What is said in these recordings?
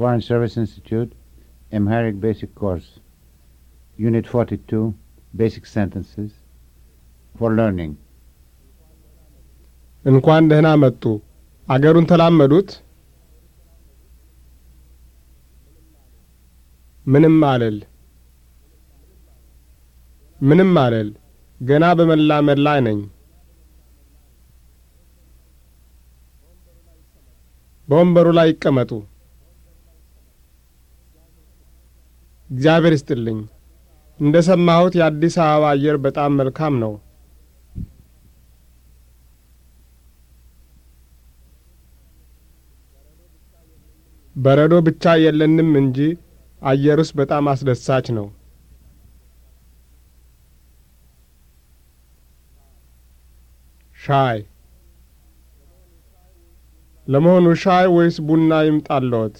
Foreign Service Institute, Amharic Basic Course, Unit 42, Basic Sentences, for Learning. እንኳን ደህና መጡ። አገሩን ተላመዱት? ምንም አለል ምንም አለል። ገና በመላመድ ላይ ነኝ። በወንበሩ ላይ ይቀመጡ። እግዚአብሔር ይስጥልኝ። እንደ ሰማሁት የአዲስ አበባ አየር በጣም መልካም ነው። በረዶ ብቻ የለንም እንጂ አየሩስ በጣም አስደሳች ነው። ሻይ ለመሆኑ ሻይ ወይስ ቡና ይምጣልዎት?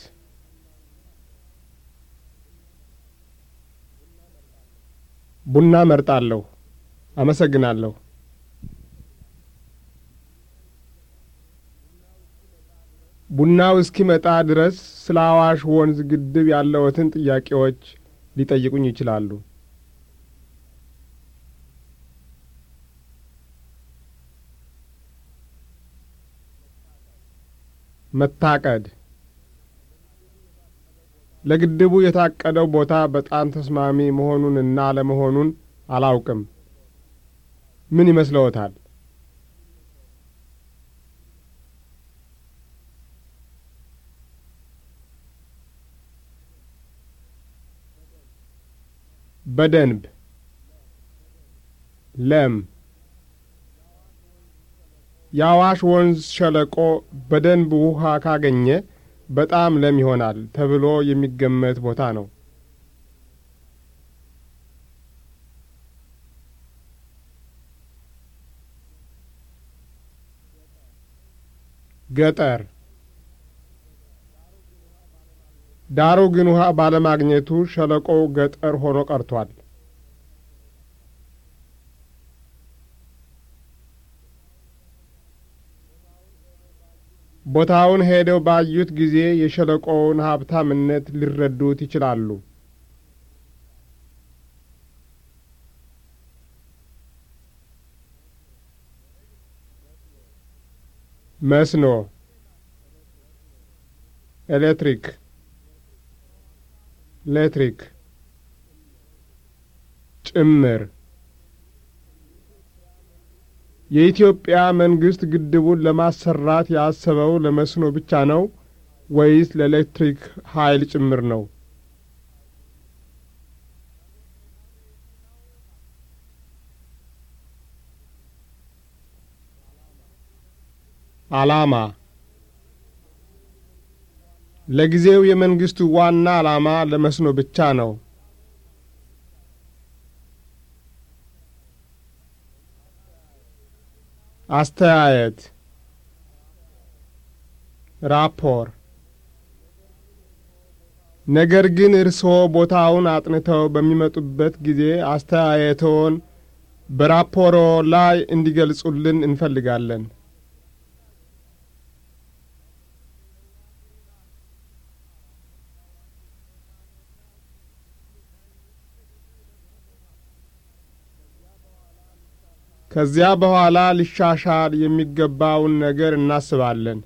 ቡና መርጣለሁ። አመሰግናለሁ። ቡናው እስኪመጣ ድረስ ስለ አዋሽ ወንዝ ግድብ ያለዎትን ጥያቄዎች ሊጠይቁኝ ይችላሉ። መታቀድ ለግድቡ የታቀደው ቦታ በጣም ተስማሚ መሆኑንና አለመሆኑን አላውቅም። ምን ይመስለዎታል? በደንብ ለም የአዋሽ ወንዝ ሸለቆ በደንብ ውሃ ካገኘ በጣም ለም ይሆናል ተብሎ የሚገመት ቦታ ነው። ገጠር ዳሩ ግን ውሃ ባለማግኘቱ ሸለቆው ገጠር ሆኖ ቀርቷል። ቦታውን ሄደው ባዩት ጊዜ የሸለቆውን ሀብታምነት ሊረዱት ይችላሉ። መስኖ፣ ኤሌክትሪክ፣ ኤሌክትሪክ ጭምር የኢትዮጵያ መንግሥት ግድቡን ለማሰራት ያሰበው ለመስኖ ብቻ ነው ወይስ ለኤሌክትሪክ ኃይል ጭምር ነው? ዓላማ ለጊዜው የመንግሥቱ ዋና ዓላማ ለመስኖ ብቻ ነው። አስተያየት፣ ራፖር። ነገር ግን እርስዎ ቦታውን አጥንተው በሚመጡበት ጊዜ አስተያየትዎን በራፖሮ ላይ እንዲገልጹልን እንፈልጋለን። ከዚያ በኋላ ሊሻሻል የሚገባውን ነገር እናስባለን።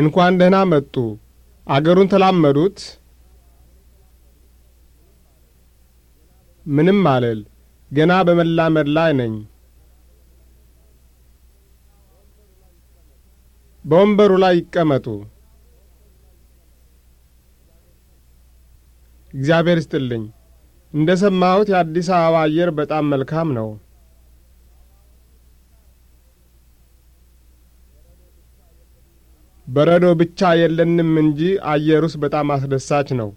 እንኳን ደህና መጡ። አገሩን ተላመዱት? ምንም አልል። ገና በመላመድ ላይ ነኝ። በወንበሩ ላይ ይቀመጡ። እግዚአብሔር ይስጥልኝ። እንደ ሰማሁት የአዲስ አበባ አየር በጣም መልካም ነው። በረዶ ብቻ የለንም እንጂ አየሩስ በጣም አስደሳች ነው።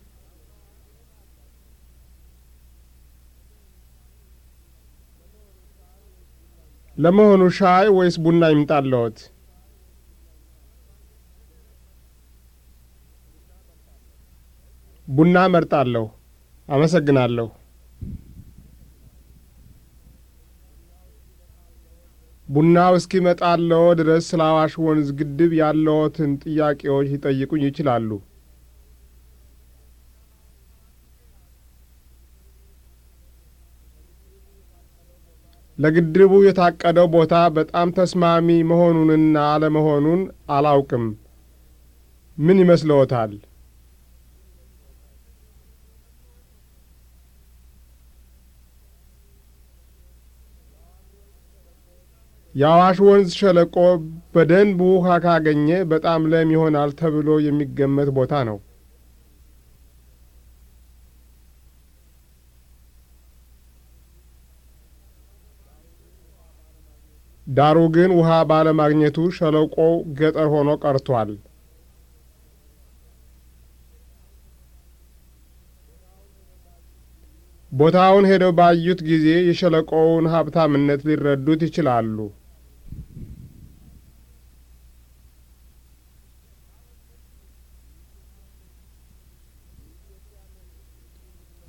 ለመሆኑ ሻይ ወይስ ቡና ይምጣልዎት? ቡና መርጣለሁ። አመሰግናለሁ። ቡናው እስኪመጣለው ድረስ ስለ አዋሽ ወንዝ ግድብ ያለዎትን ጥያቄዎች ሊጠይቁኝ ይችላሉ። ለግድቡ የታቀደው ቦታ በጣም ተስማሚ መሆኑንና አለመሆኑን አላውቅም። ምን ይመስልዎታል? የአዋሽ ወንዝ ሸለቆ በደንብ ውሃ ካገኘ በጣም ለም ይሆናል ተብሎ የሚገመት ቦታ ነው። ዳሩ ግን ውሃ ባለማግኘቱ ሸለቆው ገጠር ሆኖ ቀርቷል። ቦታውን ሄደው ባዩት ጊዜ የሸለቆውን ሀብታምነት ሊረዱት ይችላሉ።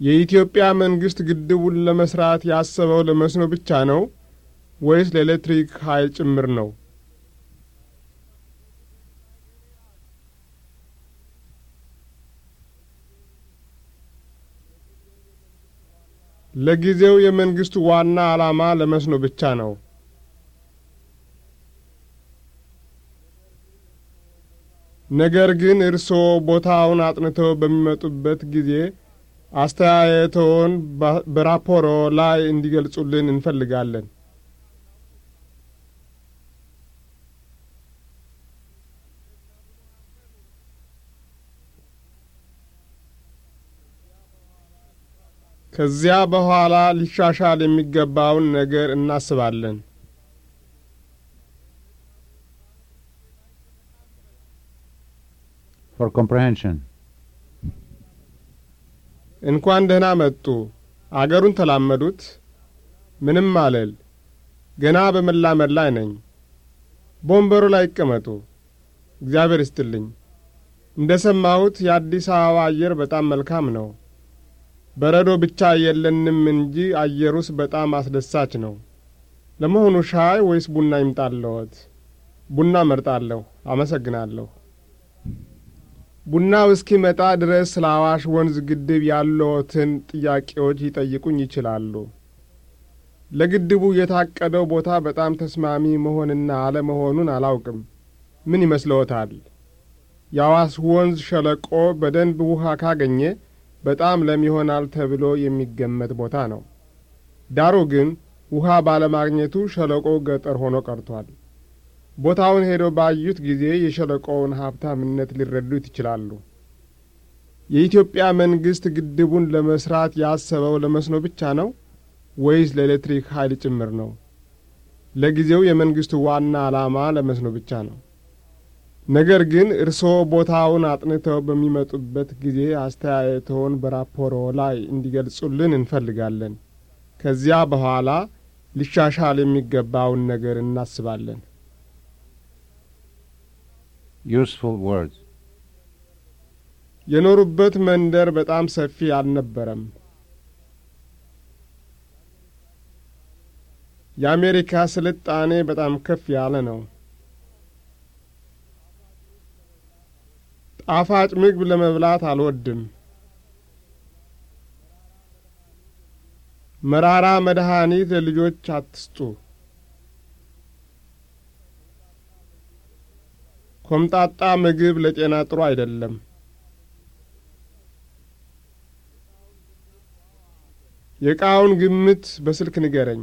የኢትዮጵያ መንግሥት ግድቡን ለመስራት ያሰበው ለመስኖ ብቻ ነው ወይስ ለኤሌክትሪክ ኃይል ጭምር ነው? ለጊዜው የመንግሥቱ ዋና ዓላማ ለመስኖ ብቻ ነው። ነገር ግን እርስዎ ቦታውን አጥንተው በሚመጡበት ጊዜ አስተያየተውን በራፖሮ ላይ እንዲገልጹልን እንፈልጋለን። ከዚያ በኋላ ሊሻሻል የሚገባውን ነገር እናስባለን። For comprehension. እንኳን ደህና መጡ። አገሩን ተላመዱት? ምንም አለል። ገና በመላመድ ላይ ነኝ። በወንበሩ ላይ ይቀመጡ። እግዚአብሔር ይስጥልኝ። እንደ ሰማሁት የአዲስ አበባ አየር በጣም መልካም ነው። በረዶ ብቻ የለንም እንጂ አየሩስ በጣም አስደሳች ነው። ለመሆኑ ሻይ ወይስ ቡና ይምጣልዎት? ቡና መርጣለሁ። አመሰግናለሁ። ቡናው እስኪመጣ ድረስ ስለ አዋሽ ወንዝ ግድብ ያለዎትን ጥያቄዎች ሊጠይቁኝ ይችላሉ። ለግድቡ የታቀደው ቦታ በጣም ተስማሚ መሆንና አለመሆኑን አላውቅም። ምን ይመስልዎታል? የአዋስ ወንዝ ሸለቆ በደንብ ውሃ ካገኘ በጣም ለም ይሆናል ተብሎ የሚገመት ቦታ ነው። ዳሩ ግን ውሃ ባለማግኘቱ ሸለቆ ገጠር ሆኖ ቀርቷል። ቦታውን ሄደው ባዩት ጊዜ የሸለቆውን ሀብታምነት ሊረዱት ይችላሉ። የኢትዮጵያ መንግሥት ግድቡን ለመሥራት ያሰበው ለመስኖ ብቻ ነው ወይስ ለኤሌክትሪክ ኃይል ጭምር ነው? ለጊዜው የመንግሥቱ ዋና ዓላማ ለመስኖ ብቻ ነው። ነገር ግን እርስዎ ቦታውን አጥንተው በሚመጡበት ጊዜ አስተያየቶን በራፖሮ ላይ እንዲገልጹልን እንፈልጋለን። ከዚያ በኋላ ሊሻሻል የሚገባውን ነገር እናስባለን። useful words. የኖሩበት መንደር በጣም ሰፊ አልነበረም። የአሜሪካ ስልጣኔ በጣም ከፍ ያለ ነው። ጣፋጭ ምግብ ለመብላት አልወድም። መራራ መድኃኒት ለልጆች አትስጡ። ኮምጣጣ ምግብ ለጤና ጥሩ አይደለም። የቃውን ግምት በስልክ ንገረኝ።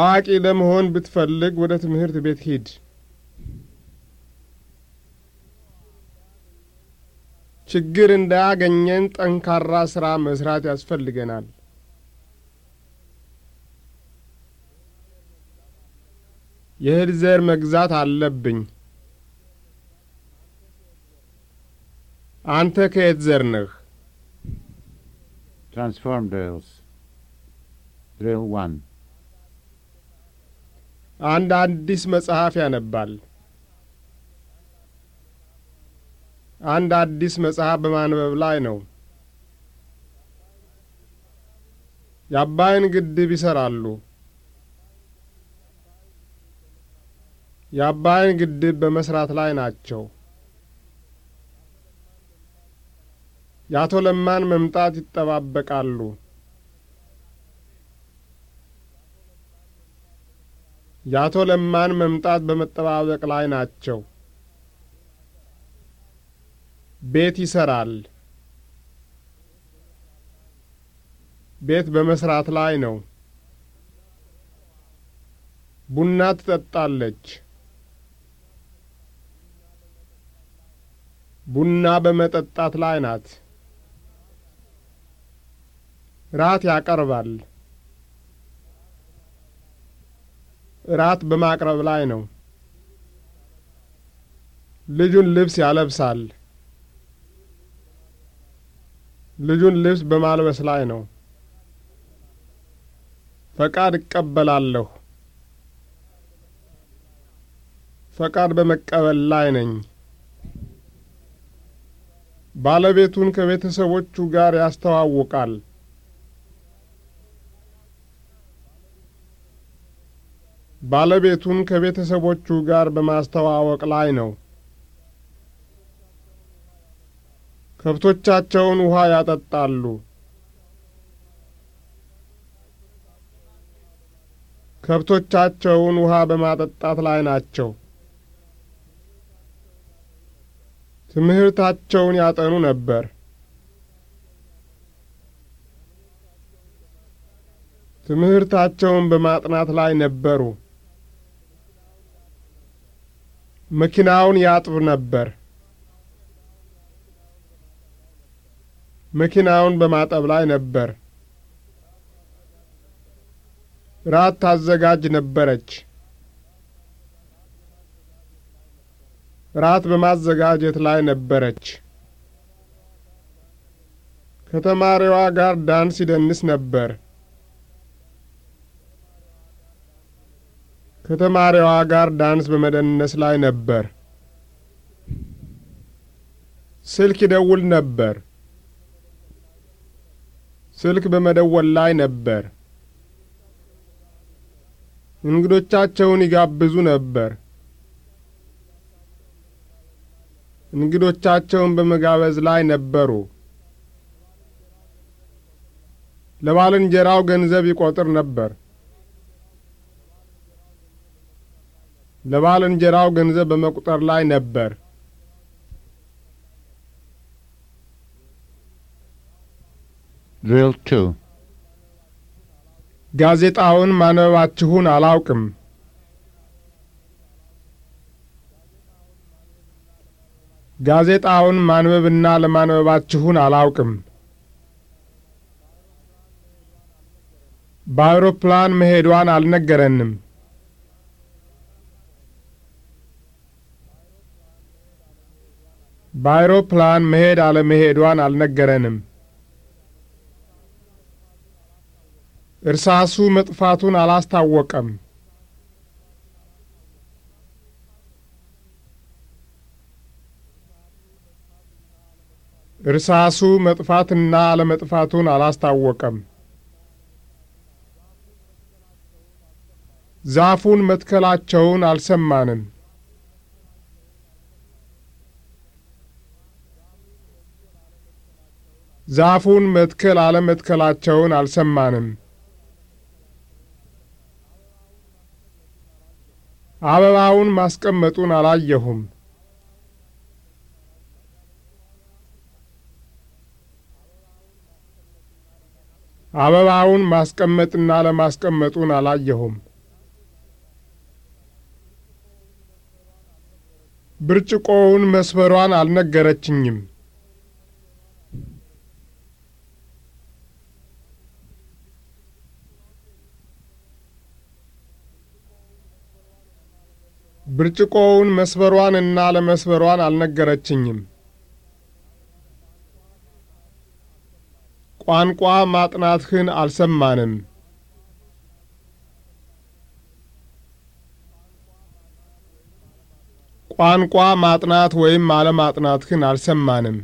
አዋቂ ለመሆን ብትፈልግ ወደ ትምህርት ቤት ሂድ። ችግር እንዳያገኘን ጠንካራ ሥራ መስራት ያስፈልገናል። የእህል ዘር መግዛት አለብኝ። አንተ ከየት ዘር ነህ? ትራንስፎርም ድሪልስ ድሪል ዋን አንድ አዲስ መጽሐፍ ያነባል። አንድ አዲስ መጽሐፍ በማንበብ ላይ ነው። የአባይን ግድብ ይሠራሉ። የአባይን ግድብ በመስራት ላይ ናቸው። የአቶ ለማን መምጣት ይጠባበቃሉ። የአቶ ለማን መምጣት በመጠባበቅ ላይ ናቸው። ቤት ይሰራል። ቤት በመስራት ላይ ነው። ቡና ትጠጣለች። ቡና በመጠጣት ላይ ናት። ራት ያቀርባል። ራት በማቅረብ ላይ ነው። ልጁን ልብስ ያለብሳል። ልጁን ልብስ በማልበስ ላይ ነው። ፈቃድ እቀበላለሁ። ፈቃድ በመቀበል ላይ ነኝ። ባለቤቱን ከቤተሰቦቹ ጋር ያስተዋውቃል። ባለቤቱን ከቤተሰቦቹ ጋር በማስተዋወቅ ላይ ነው። ከብቶቻቸውን ውሃ ያጠጣሉ። ከብቶቻቸውን ውሃ በማጠጣት ላይ ናቸው። ትምህርታቸውን ያጠኑ ነበር። ትምህርታቸውን በማጥናት ላይ ነበሩ። መኪናውን ያጥብ ነበር። መኪናውን በማጠብ ላይ ነበር። ራት ታዘጋጅ ነበረች። ራት በማዘጋጀት ላይ ነበረች። ከተማሪዋ ጋር ዳንስ ይደንስ ነበር። ከተማሪዋ ጋር ዳንስ በመደነስ ላይ ነበር። ስልክ ይደውል ነበር። ስልክ በመደወል ላይ ነበር። እንግዶቻቸውን ይጋብዙ ነበር። እንግዶቻቸውን በመጋበዝ ላይ ነበሩ። ለባልንጀራው ገንዘብ ይቈጥር ነበር። ለባልንጀራው ገንዘብ በመቁጠር ላይ ነበር። ድሪል ቱ ጋዜጣውን ማንበባችሁን አላውቅም። ጋዜጣውን ማንበብና ለማንበባችሁን አላውቅም። በአውሮፕላን መሄዷን አልነገረንም። በአውሮፕላን መሄድ አለመሄዷን አልነገረንም። እርሳሱ መጥፋቱን አላስታወቀም። እርሳሱ መጥፋትና አለመጥፋቱን አላስታወቀም። ዛፉን መትከላቸውን አልሰማንም። ዛፉን መትከል አለመትከላቸውን አልሰማንም። አበባውን ማስቀመጡን አላየሁም። አበባውን ማስቀመጥና ለማስቀመጡን አላየሁም። ብርጭቆውን መስበሯን አልነገረችኝም። ብርጭቆውን መስበሯን እና ለመስበሯን አልነገረችኝም። ቋንቋ ማጥናትህን አልሰማንም። ቋንቋ ማጥናት ወይም አለማጥናትህን አልሰማንም።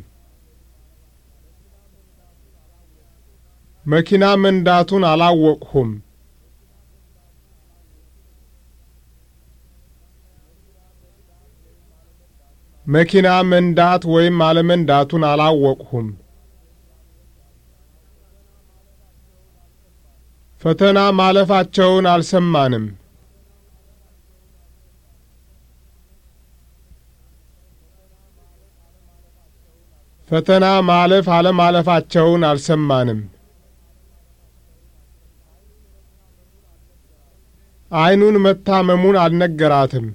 መኪና መንዳቱን አላወቅሁም። መኪና መንዳት ወይም አለመንዳቱን አላወቅሁም። ፈተና ማለፋቸውን አልሰማንም። ፈተና ማለፍ አለማለፋቸውን አልሰማንም። ዓይኑን መታመሙን አልነገራትም።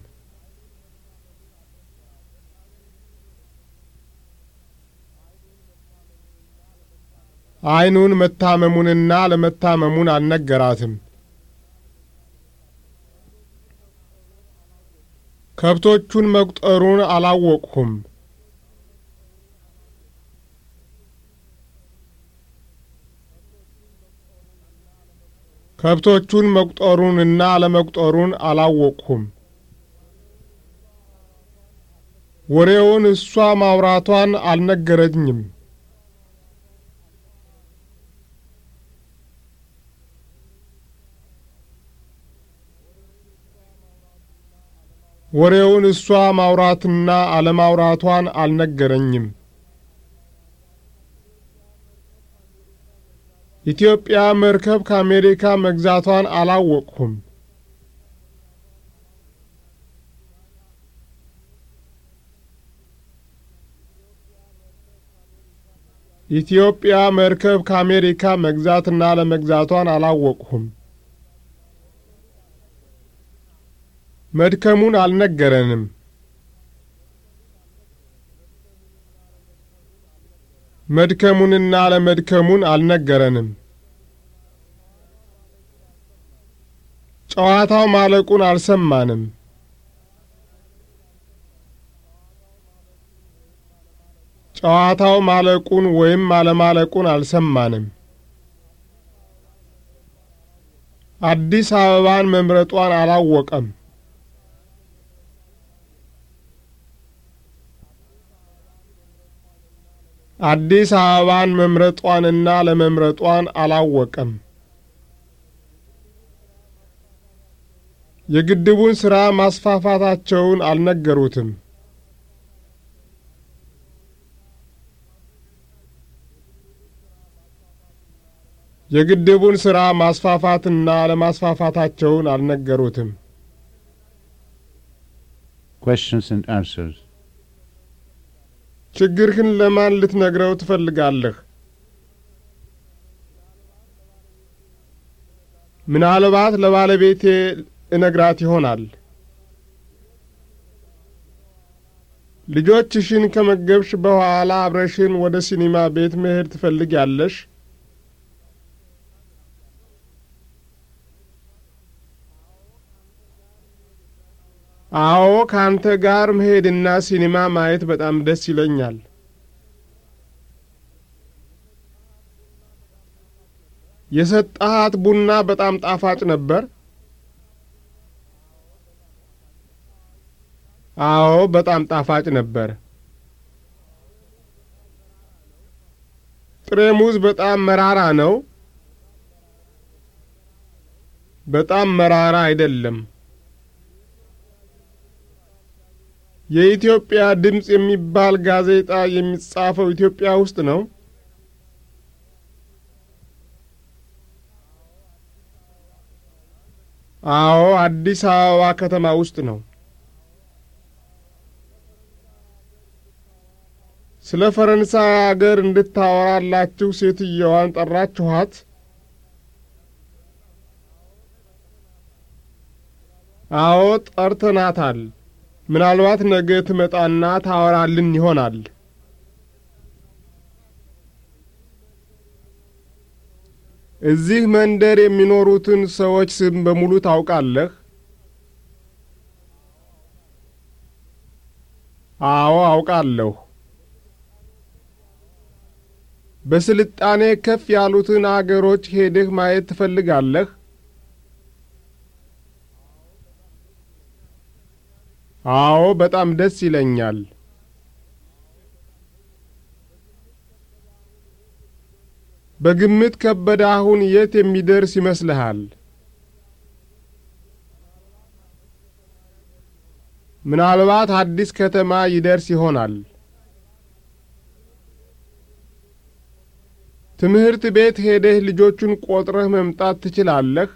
ዐይኑን መታመሙንና ለመታመሙን አልነገራትም። ከብቶቹን መቁጠሩን አላወቅሁም። ከብቶቹን መቁጠሩንና ለመቁጠሩን አላወቅሁም። ወሬውን እሷ ማውራቷን አልነገረኝም። ወሬውን እሷ ማውራትና አለማውራቷን አልነገረኝም። ኢትዮጵያ መርከብ ከአሜሪካ መግዛቷን አላወቅሁም። ኢትዮጵያ መርከብ ከአሜሪካ መግዛትና አለመግዛቷን አላወቅሁም። መድከሙን አልነገረንም። መድከሙንና አለመድከሙን አልነገረንም። ጨዋታው ማለቁን አልሰማንም። ጨዋታው ማለቁን ወይም አለማለቁን አልሰማንም። አዲስ አበባን መምረጧን አላወቀም። አዲስ አበባን መምረጧንና ለመምረጧን አላወቀም። የግድቡን ሥራ ማስፋፋታቸውን አልነገሩትም። የግድቡን ሥራ ማስፋፋትና ለማስፋፋታቸውን አልነገሩትም። Questions and answers. ችግርህን ለማን ልትነግረው ትፈልጋለህ? ምናልባት ለባለቤቴ እነግራት ይሆናል። ልጆችሽን ከመገብሽ በኋላ አብረሽን ወደ ሲኒማ ቤት መሄድ ትፈልጊያለሽ? አዎ ካንተ ጋር መሄድና ሲኒማ ማየት በጣም ደስ ይለኛል። የሰጠሃት ቡና በጣም ጣፋጭ ነበር። አዎ በጣም ጣፋጭ ነበር። ጥሬ ሙዝ በጣም መራራ ነው። በጣም መራራ አይደለም። የኢትዮጵያ ድምፅ የሚባል ጋዜጣ የሚጻፈው ኢትዮጵያ ውስጥ ነው? አዎ፣ አዲስ አበባ ከተማ ውስጥ ነው። ስለ ፈረንሳይ አገር እንድታወራላችሁ ሴትየዋን ጠራችኋት? አዎ፣ ጠርተናታል። ምናልባት ነገ ትመጣና ታወራልን ይሆናል። እዚህ መንደር የሚኖሩትን ሰዎች ስም በሙሉ ታውቃለህ? አዎ አውቃለሁ። በስልጣኔ ከፍ ያሉትን አገሮች ሄደህ ማየት ትፈልጋለህ? አዎ በጣም ደስ ይለኛል። በግምት ከበደ አሁን የት የሚደርስ ይመስልሃል? ምናልባት አዲስ ከተማ ይደርስ ይሆናል። ትምህርት ቤት ሄደህ ልጆቹን ቆጥረህ መምጣት ትችላለህ?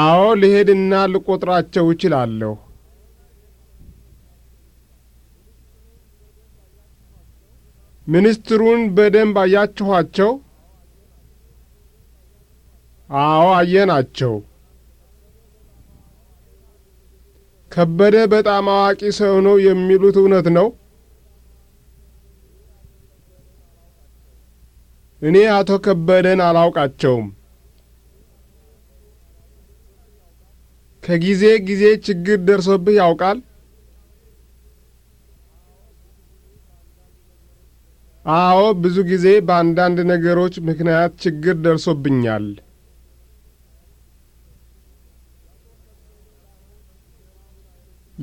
አዎ ልሄድና ልቆጥራቸው እችላለሁ። ሚኒስትሩን በደንብ አያችኋቸው? አዎ አየናቸው። ከበደ በጣም አዋቂ ሰው ነው የሚሉት እውነት ነው? እኔ አቶ ከበደን አላውቃቸውም። ከጊዜ ጊዜ ችግር ደርሶብህ ያውቃል? አዎ፣ ብዙ ጊዜ በአንዳንድ ነገሮች ምክንያት ችግር ደርሶብኛል።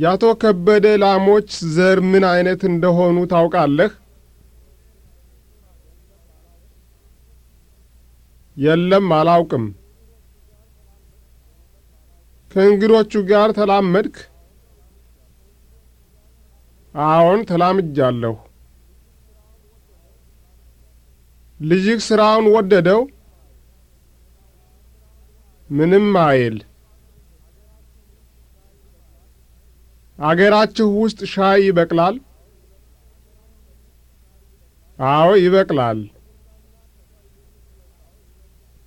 የአቶ ከበደ ላሞች ዘር ምን አይነት እንደሆኑ ታውቃለህ? የለም፣ አላውቅም። ከእንግዶቹ ጋር ተላመድክ? አዎን ተላምጃለሁ። ልጅህ ሥራውን ወደደው? ምንም አይል። አገራችሁ ውስጥ ሻይ ይበቅላል? አዎ ይበቅላል።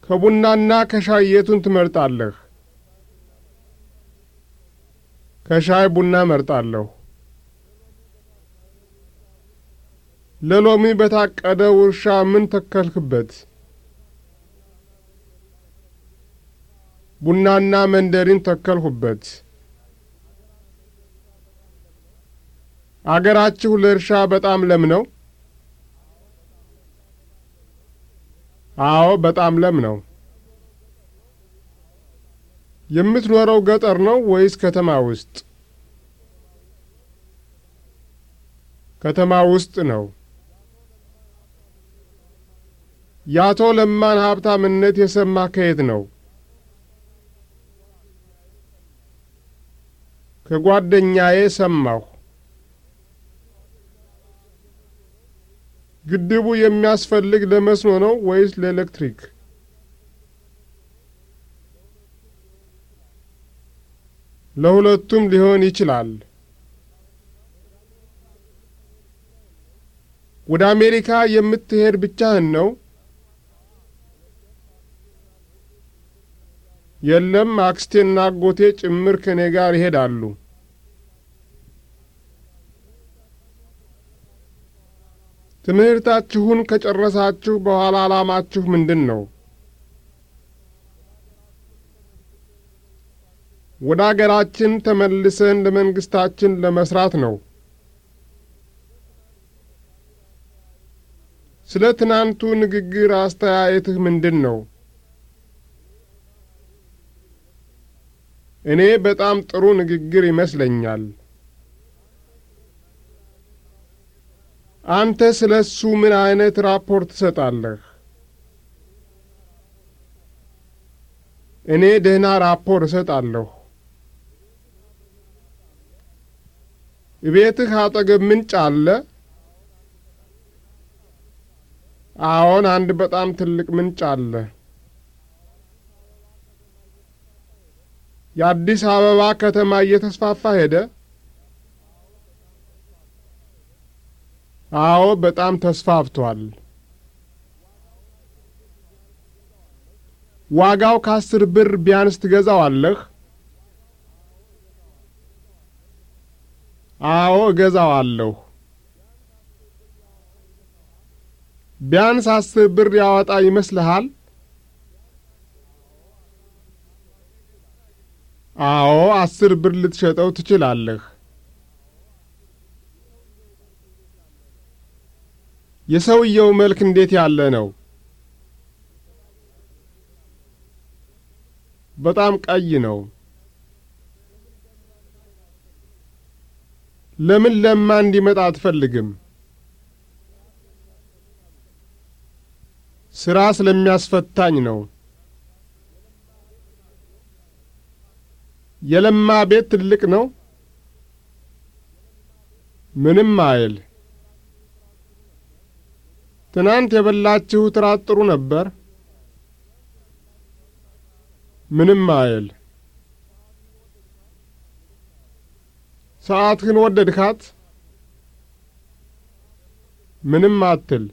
ከቡናና ከሻይ የቱን ትመርጣለህ? ከሻይ ቡና መርጣለሁ። ለሎሚ በታቀደ ውርሻ ምን ተከልክበት? ቡናና መንደሪን ተከልሁበት። አገራችሁ ለእርሻ በጣም ለም ነው? አዎ፣ በጣም ለም ነው። የምትኖረው ገጠር ነው ወይስ ከተማ ውስጥ? ከተማ ውስጥ ነው። የአቶ ለማን ሀብታምነት የሰማ ከየት ነው? ከጓደኛዬ ሰማሁ። ግድቡ የሚያስፈልግ ለመስኖ ነው ወይስ ለኤሌክትሪክ? ለሁለቱም ሊሆን ይችላል። ወደ አሜሪካ የምትሄድ ብቻህን ነው? የለም፣ አክስቴና አጎቴ ጭምር ከኔ ጋር ይሄዳሉ። ትምህርታችሁን ከጨረሳችሁ በኋላ ዓላማችሁ ምንድን ነው? ወደ አገራችን ተመልሰን ለመንግሥታችን ለመሥራት ነው። ስለ ትናንቱ ንግግር አስተያየትህ ምንድን ነው? እኔ በጣም ጥሩ ንግግር ይመስለኛል። አንተ ስለ እሱ ምን አይነት ራፖርት ትሰጣለህ? እኔ ደህና ራፖርት እሰጣለሁ። እቤትህ አጠገብ ምንጭ አለ? አዎን፣ አንድ በጣም ትልቅ ምንጭ አለ። የአዲስ አበባ ከተማ እየተስፋፋ ሄደ? አዎ፣ በጣም ተስፋፍቷል። ዋጋው ከአስር ብር ቢያንስ ትገዛዋለህ? አዎ እገዛዋለሁ። ቢያንስ አስር ብር ያወጣ ይመስልሃል? አዎ አስር ብር ልትሸጠው ትችላለህ። የሰውየው መልክ እንዴት ያለ ነው? በጣም ቀይ ነው። ለምን ለማ እንዲመጣ አትፈልግም? ሥራ ስለሚያስፈታኝ ነው። የለማ ቤት ትልቅ ነው። ምንም አይል። ትናንት የበላችሁ ትራት ጥሩ ነበር። ምንም አይል። ሰዓትህን ወደድካት? ምንም አትል።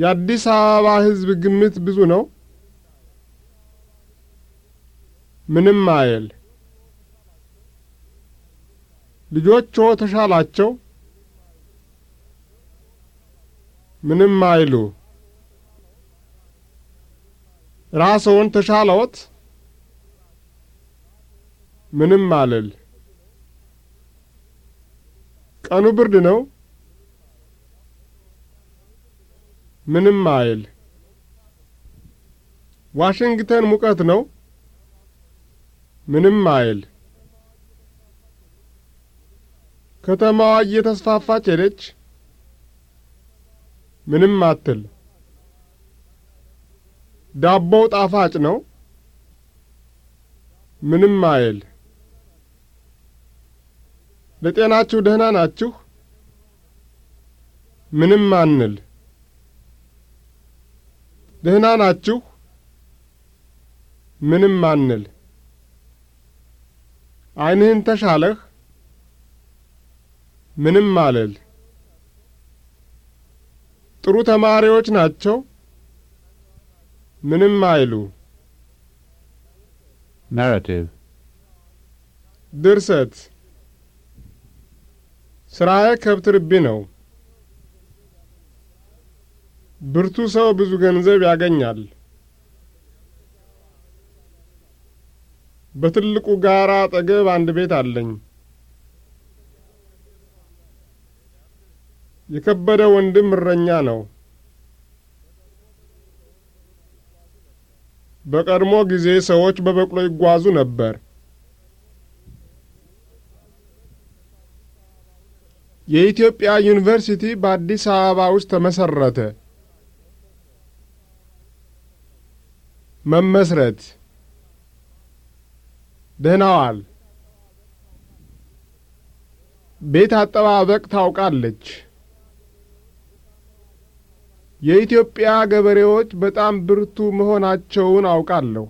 የአዲስ አበባ ሕዝብ ግምት ብዙ ነው? ምንም አይል። ልጆቾ ተሻላቸው? ምንም አይሉ። ራስዎን ተሻለዎት? ምንም አልል። ቀኑ ብርድ ነው። ምንም አይል። ዋሽንግተን ሙቀት ነው። ምንም አይል። ከተማዋ እየተስፋፋች ሄደች። ምንም አትል። ዳቦው ጣፋጭ ነው። ምንም አይል። ለጤናችሁ ደህና ናችሁ? ምንም አንል። ደህና ናችሁ? ምንም አንል። ዓይንህን ተሻለህ? ምንም አልል። ጥሩ ተማሪዎች ናቸው? ምንም አይሉ። ናራቲቭ ድርሰት ሥራዬ ከብት ርቢ ነው። ብርቱ ሰው ብዙ ገንዘብ ያገኛል። በትልቁ ጋራ አጠገብ አንድ ቤት አለኝ። የከበደ ወንድም እረኛ ነው። በቀድሞ ጊዜ ሰዎች በበቅሎ ይጓዙ ነበር። የኢትዮጵያ ዩኒቨርሲቲ በአዲስ አበባ ውስጥ ተመሰረተ። መመስረት ደህናዋል። ቤት አጠባበቅ ታውቃለች። የኢትዮጵያ ገበሬዎች በጣም ብርቱ መሆናቸውን አውቃለሁ።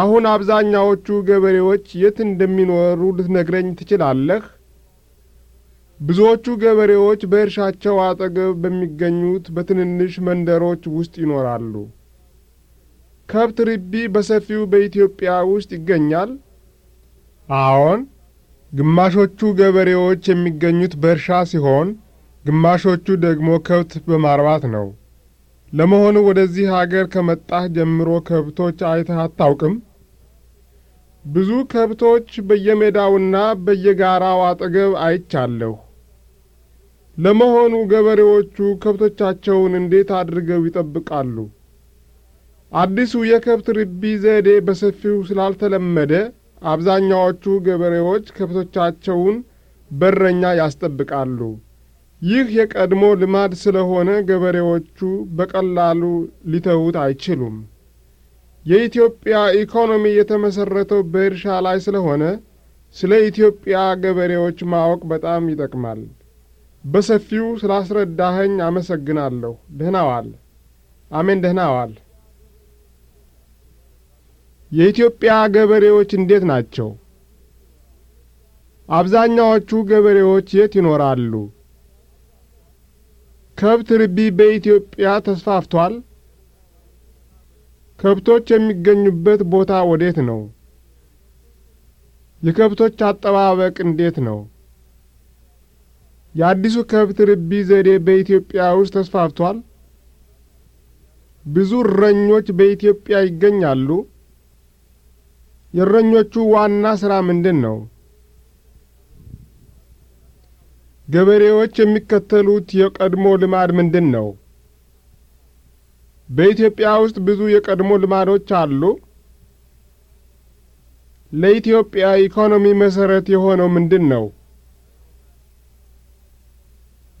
አሁን አብዛኛዎቹ ገበሬዎች የት እንደሚኖሩ ልትነግረኝ ትችላለህ? ብዙዎቹ ገበሬዎች በእርሻቸው አጠገብ በሚገኙት በትንንሽ መንደሮች ውስጥ ይኖራሉ። ከብት ርቢ በሰፊው በኢትዮጵያ ውስጥ ይገኛል? አዎን፣ ግማሾቹ ገበሬዎች የሚገኙት በእርሻ ሲሆን ግማሾቹ ደግሞ ከብት በማርባት ነው። ለመሆኑ ወደዚህ አገር ከመጣህ ጀምሮ ከብቶች አይተህ አታውቅም? ብዙ ከብቶች በየሜዳውና በየጋራው አጠገብ አይቻለሁ። ለመሆኑ ገበሬዎቹ ከብቶቻቸውን እንዴት አድርገው ይጠብቃሉ? አዲሱ የከብት ርቢ ዘዴ በሰፊው ስላልተለመደ አብዛኛዎቹ ገበሬዎች ከብቶቻቸውን በረኛ ያስጠብቃሉ። ይህ የቀድሞ ልማድ ስለሆነ ገበሬዎቹ በቀላሉ ሊተዉት አይችሉም። የኢትዮጵያ ኢኮኖሚ የተመሰረተው በእርሻ ላይ ስለሆነ ስለ ኢትዮጵያ ገበሬዎች ማወቅ በጣም ይጠቅማል። በሰፊው ስላስረዳኸኝ አመሰግናለሁ። ደህናዋል። አሜን። ደህናዋል። የኢትዮጵያ ገበሬዎች እንዴት ናቸው? አብዛኛዎቹ ገበሬዎች የት ይኖራሉ? ከብት ርቢ በኢትዮጵያ ተስፋፍቷል? ከብቶች የሚገኙበት ቦታ ወዴት ነው? የከብቶች አጠባበቅ እንዴት ነው? የአዲሱ ከብት ርቢ ዘዴ በኢትዮጵያ ውስጥ ተስፋፍቷል? ብዙ እረኞች በኢትዮጵያ ይገኛሉ? የእረኞቹ ዋና ሥራ ምንድን ነው? ገበሬዎች የሚከተሉት የቀድሞ ልማድ ምንድን ነው? በኢትዮጵያ ውስጥ ብዙ የቀድሞ ልማዶች አሉ። ለኢትዮጵያ ኢኮኖሚ መሰረት የሆነው ምንድን ነው?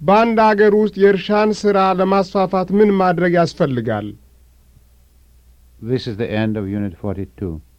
በአንድ አገር ውስጥ የእርሻን ሥራ ለማስፋፋት ምን ማድረግ ያስፈልጋል? This is the end of Unit 42.